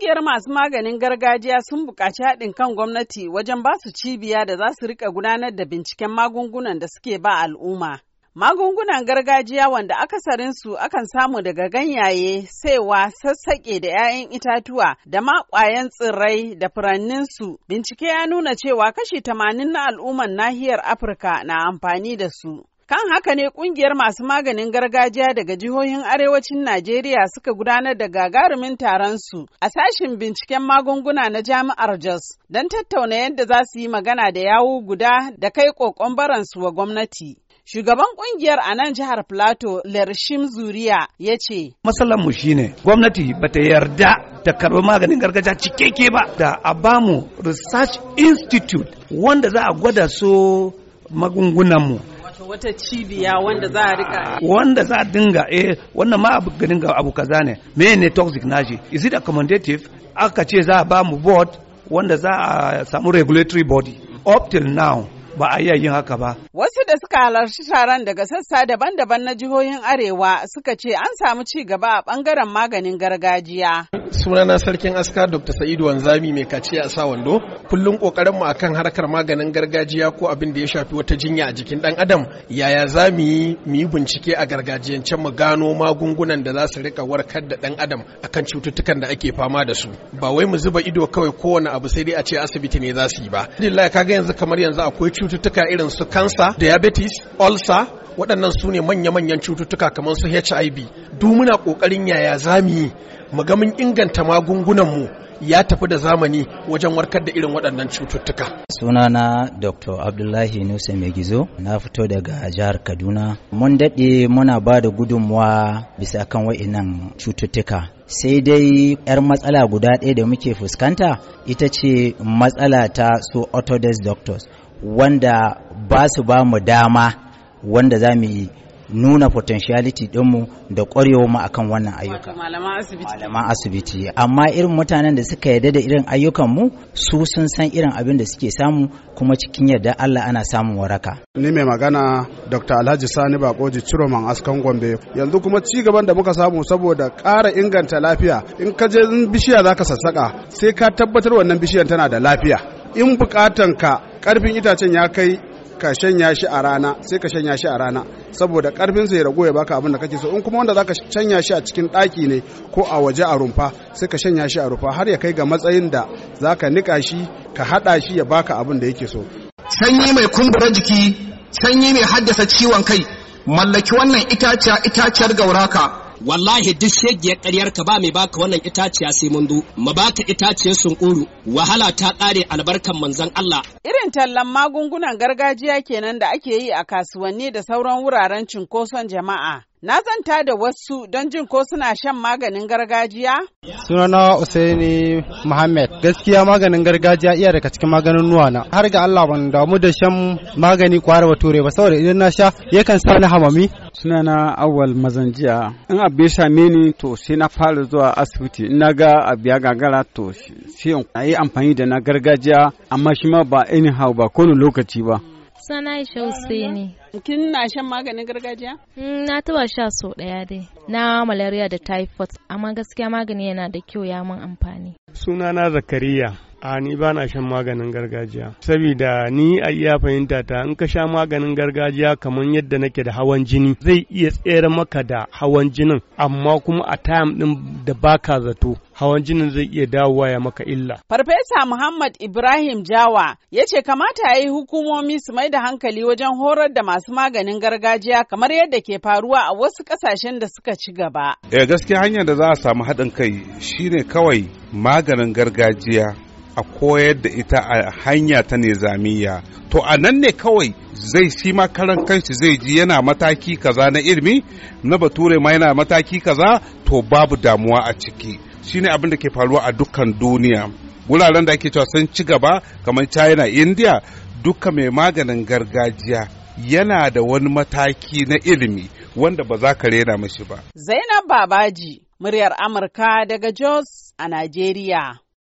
Ƙungiyar masu maganin gargajiya sun buƙaci haɗin kan gwamnati wajen ba su cibiya da za su riƙa gudanar da binciken magungunan da suke ba al'umma. Magungunan gargajiya wanda akasarin su akan samu daga ganyaye, saiwa, sassaƙe da 'ya'yan itatuwa da ma ƙwayan tsirrai da furannin su Bincike ya nuna cewa kashi tamanin na al'umman nahiyar Afirka na amfani da su. Kan haka ne kungiyar masu maganin gargajiya daga jihohin arewacin Najeriya suka gudanar da gagarumin taron su a sashin binciken magunguna na jami'ar Jos don tattauna yadda za su yi magana da yawo guda da kai kokon baransu wa gwamnati. Shugaban kungiyar a nan jihar plato Lershim Zuriya ya ce, mu ne. gwamnati ba ta yarda da karbi maganin gargajiya cikeke ba da a bamu Research Institute wanda za a gwada so magungunanmu. wato wata cibiya wanda za a rika wanda za a dinga eh wannan ma abu ganin ga abu kaza ne me ne toxic naji? is it accommodative aka ce za a ba mu board wanda za a samu regulatory body up till now ba a iya yin haka ba. Wasu da suka halarci taron daga sassa daban-daban na jihohin Arewa suka ce an samu ci gaba a bangaren maganin gargajiya. Sunana sarkin aska Dr. Sa'idu Wanzami mai kaciya a sa wando. Kullum kokarinmu akan harkar maganin gargajiya ko abin da ya shafi wata jinya a jikin dan adam yaya za mu yi mu yi bincike a gargajiyancen mu gano magungunan da za su rika warkar da dan adam akan cututtukan da ake fama da su. Ba wai mu zuba ido kawai kowane abu sai dai a ce asibiti ne za su yi ba. Alhamdulillah kaga yanzu kamar yanzu akwai cututtuka irin su kansa diabetes ulcer waɗannan su ne manya-manyan cututtuka kamar su hiv duk muna ƙoƙarin yaya zami yi mu ga mun inganta magungunanmu ya tafi da zamani wajen warkar da irin waɗannan cututtuka. Sunana Dr. Abdullahi Nusa Gizo na fito daga jihar Kaduna. Mun daɗe muna ba da gudunmuwa bisa kan wa'inan cututtuka. Sai dai 'yar matsala guda ɗaya da muke fuskanta ita ce matsala ta su orthodox doctors wanda ba su ba mu dama wanda za mu yi nuna potentiality dinmu da ƙwarewa mu akan wannan ayyuka malaman asibiti amma irin mutanen da suka yarda da irin ayyukan mu su sun san irin abin da suke samu kuma cikin yarda Allah ana samun waraka ni mai magana Dr. Alhaji Sani Bakoji Ciroman Askan Gombe yanzu kuma ci gaban da muka samu saboda ƙara inganta lafiya in ka je bishiya zaka sassaka sai ka tabbatar wannan bishiyar tana da lafiya in bukatan ka karfin itacen ya kai ka shanya shi a rana sai ka shanya shi a rana saboda karfin sa ya rago ya baka abin da kake so in kuma wanda zaka shanya shi a cikin daki ne ko a waje a rumfa sai ka shanya shi a rumfa har ya kai ga matsayin da zaka nika shi ka hada shi ya baka abin da yake so sanyi mai kumbura jiki sanyi mai haddasa ciwon kai mallaki wannan itaciya itaciyar gauraka wallahi duk shegiyar ƙaryar ka ba mai baka wannan itaciya sai mun du mu baka itaciyar sunkuru wahala ta ƙare albarkan manzon Allah irin tallan magungunan gargajiya kenan da ake yi a kasuwanni da sauran wuraren cinkoson jama'a Na zanta da wasu don jin ko suna shan maganin gargajiya? Sunana Usaini Muhammad. Gaskiya maganin gargajiya iya daga cikin maganin nuwana. Har ga Allah ban damu da shan magani kwara bature ba saboda idan na sha yakan sa ni hamami. Sunana Awal Mazanjiya. In abu ya same to sai na fara zuwa asibiti. In na ga abu ya gagara to sai in yi amfani da na gargajiya amma shi ma ba anyhow ba kowane lokaci ba. Sana Aisha Hussaini. Kin na shan maganin gargajiya? Mm, na taba sha sau ɗaya dai. Na malaria da typhoid, amma gaskiya magani yana da kyau ya mun amfani. Sunana Zakariya. a ni ba na shan maganin gargajiya saboda ni a iya fahimta ta in ka sha maganin gargajiya kamar yadda nake da hawan jini zai iya tsere maka da hawan jinin amma kuma a time din da baka zato hawan jinin zai iya dawowa ya maka illa farfesa muhammad ibrahim jawa ya ce kamata ya yi hukumomi su mai da hankali wajen horar da masu maganin gargajiya kamar yadda ke faruwa a wasu kasashen da suka ci gaba eh, gaskiya hanyar da za a samu haɗin kai shine kawai maganin gargajiya a koyar da ita a hanya ta nezamiya to a nan ne kawai zai shi ma karan kanshi zai ji yana mataki kaza na ilimi na bature ma yana mataki kaza to babu damuwa a ciki shine abin da ke faruwa a dukkan duniya wuraren da ake cewa sun ci gaba kamar china india duka mai maganin gargajiya yana da wani mataki na ilimi wanda ba za ka rena mashi ba zainab babaji muryar amurka daga jos a najeriya